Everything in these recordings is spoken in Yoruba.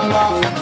Allah.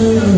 Thank you.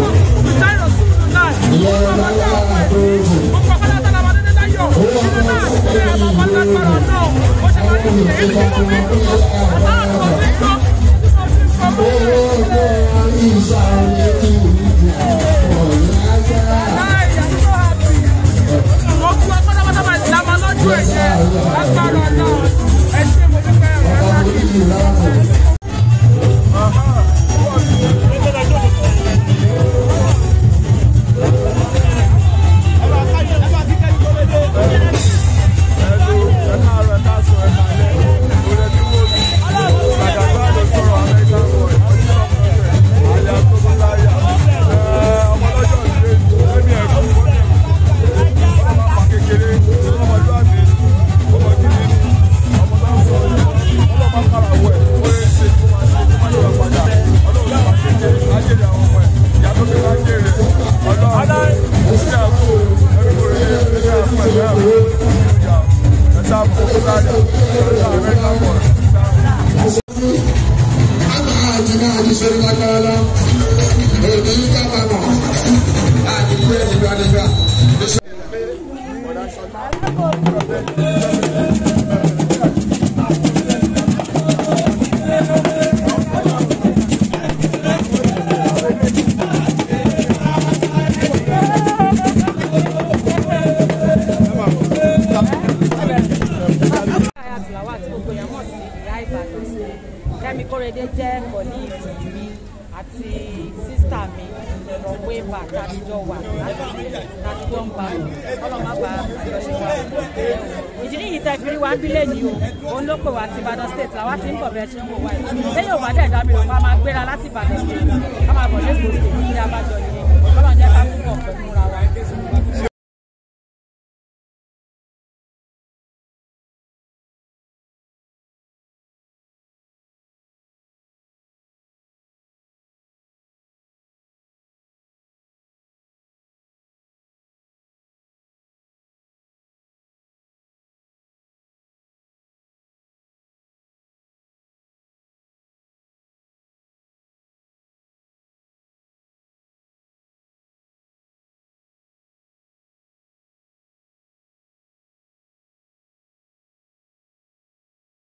Oh, Thank you. bá kájọ wà kájọ ń bá wò ọlọ́mọ bá àjọṣe wa ìdí nìyí tẹ́ fi rí wa bílẹ̀ ni o òun ló pè wá ti Ìbàdàn state làwa ti ń bọ̀ bẹ́ẹ̀ ṣe ń wò wá yìí lẹ́yìn òwádẹ́ ìdámẹ́rẹ̀ wọn a máa gbéra láti Ìbàdàn state a máa bọ̀ lẹ́kọ̀ọ́ state ní abájọ yìí.